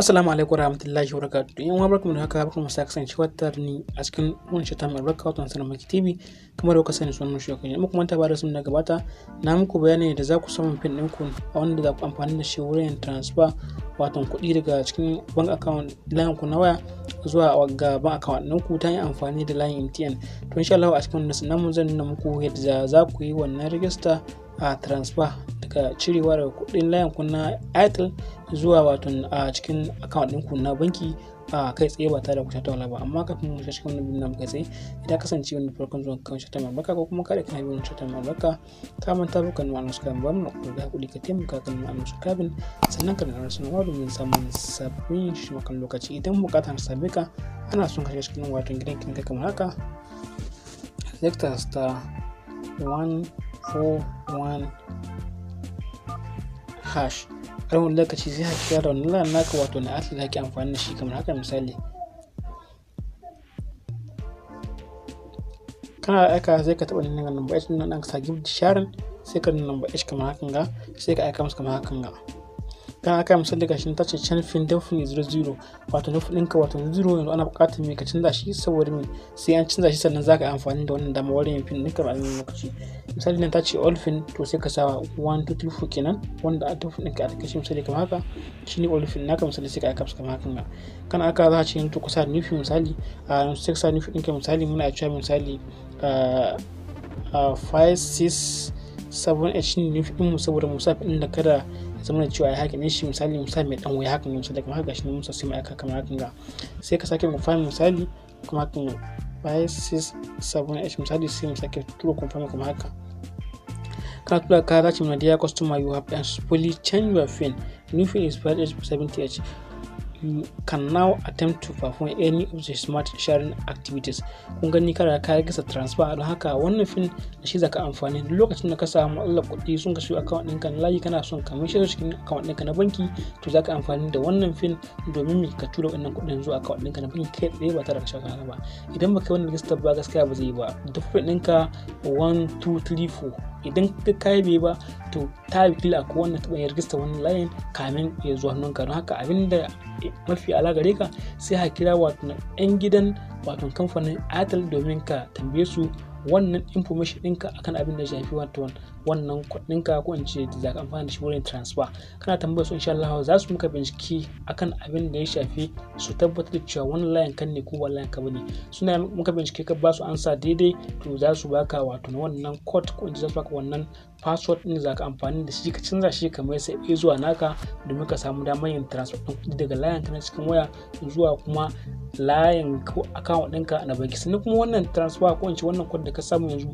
Assalamu alaikum warahmatullahi wabarakatuh. Yan uwa barkamu da haka barkamu sa kasancewa tare ni a cikin wannan shata tamar barka wato sanar maki TV kamar da kuka sani sunan shi kan muku kuma ba da sun da gabata na muku bayani da za ku samu pin ɗin ku a wanda za ku amfani da shi wurin transfer watan kuɗi daga cikin bank account layin ku na waya zuwa ga bank account ku ta yin amfani da layin MTN to insha Allah a cikin wannan namu zan nuna muku yadda za ku yi wannan register a transfer daga cirewa daga kuɗin layin ku na Airtel zuwa watan a cikin account ɗinku na banki a kai tsaye ba tare da kusa ta wala ba amma kafin mu shiga cikin wannan bidiyon kai tsaye idan kasance wani farkon zuwa kan shata albarka ko kuma kada kan bin shata albarka ka manta bukan mu annasu kan ba mu da hakuri ka taimaka kan mu annasu kabin sannan ka da sanarwa domin samun sabbin shi makan lokaci idan bukatar sabe ka ana son ka shiga cikin wato gidan kin kai kamar haka sector star 141 hash har wani lokaci sai ka kira da lan naka wato na atlas da ake amfani da shi kamar haka misali kana aika sai ka taɓa nuna number h nan ka sa gift sharing sai ka nuna number h kamar hakan ga sai ka aika musu kamar hakan ga dan aka misali ga ta ce can fin dafin ne 00, wato nufin ɗinka wato 0 yanzu ana buƙatar me ka canza shi saboda me sai an canza shi sannan zaka yi amfani da wannan damar wajen fin ɗinka ba a lokaci misali ta ce all fin to sai ka sa 1 2 3 4 kenan wanda a dafin ɗinka a shi misali kamar haka shine all fin naka misali sai ka aika su kamar haka kana aka za a ce to ku sa nufi misali a sai ka sa nufi ɗinka misali muna a cewa misali 5 6 sabon h cikin nufi musa saboda musa inda kada ya zama da cewa ya haƙi ne shi misali musa mai ɗan wuya hakan musa da kuma haka shi ne musa sai mai aka kamar hakan ga sai ka sake confirm misali kuma hakan bayan sai sabon h misali sai mu sake tura confirm kuma haka ka tura ka zaci mana dear customer you have fully changed your fin is bad age 70 h you can now attempt to perform any of the smart sharing activities kun gani kada ka gasa transfer don haka wannan fin da shi zaka amfani duk lokacin da ka samu Allah kuɗi sun ka shi account ɗinka na layi kana son ka mishi shi account ɗinka na banki to zaka amfani da wannan fin domin mi ka tura wannan kuɗin zuwa account ɗinka na banki kai tsaye ba tare da shaka ba idan baka yi wannan register ba gaskiya ba zai yi ba duk fin ɗinka 1 2 3 4 idan ka kai bai ba to ta fila ko wannan taɓa yargista wannan layin kamin ya zuwa nan don haka abinda mafi ala gare ka sai ha kira wato yan gidan wato kamfanin atal domin ka tambaye su wannan information ɗinka akan abin da ya shafi wato wannan kuɗinka ko in ce da amfani da shi wurin transfer kana tambayar su insha Allah za su muka bincike akan abin da ya shafi su tabbatar da cewa wannan layin kan ne ko ba layin ka bane suna muka bincike ka ba su ansa daidai to za su baka wato wannan code ko in ce za su baka wannan password ɗin za ka amfani da shi ka canza shi kamar sai a zuwa naka domin ka samu damar yin transfer ɗin daga layin ka na cikin waya zuwa kuma layin ko account ɗinka na banki sannan kuma wannan transfer ko in ce wannan code da ka samu yanzu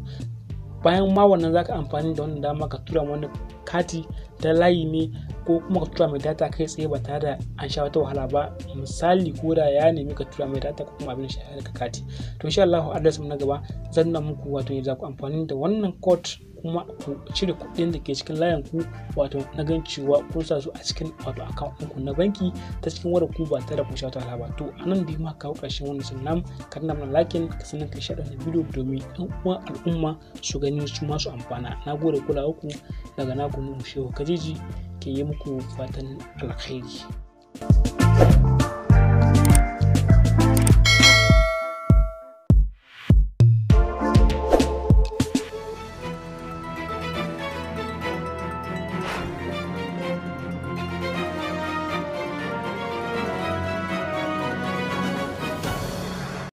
bayan ma wannan zaka amfani da wannan dama ka tura wani kati ta layi ne ko kuma ka tura mai data kai tsaye ba tare da an sha wata wahala ba misali ko da ya nemi ka tura mai data ko kuma abin shi ka kati to insha Allah adres na gaba zan na muku wato yadda ku amfani da wannan code kuma ku cire kuɗin da ke cikin layin ku wato na gan cewa kun sa su a cikin wato akawun na banki ta cikin wadda ku ba tare da kun sha wata ba to anan dai ma kawo ƙarshen wannan sannan ka nuna mana lakin ka sanin ka shaɗa da bidiyo domin ɗan uwa al'umma su gani su ma amfana na gode kulawa ku daga na gumi shehu kajiji ke yi muku fatan alkhairi. thank you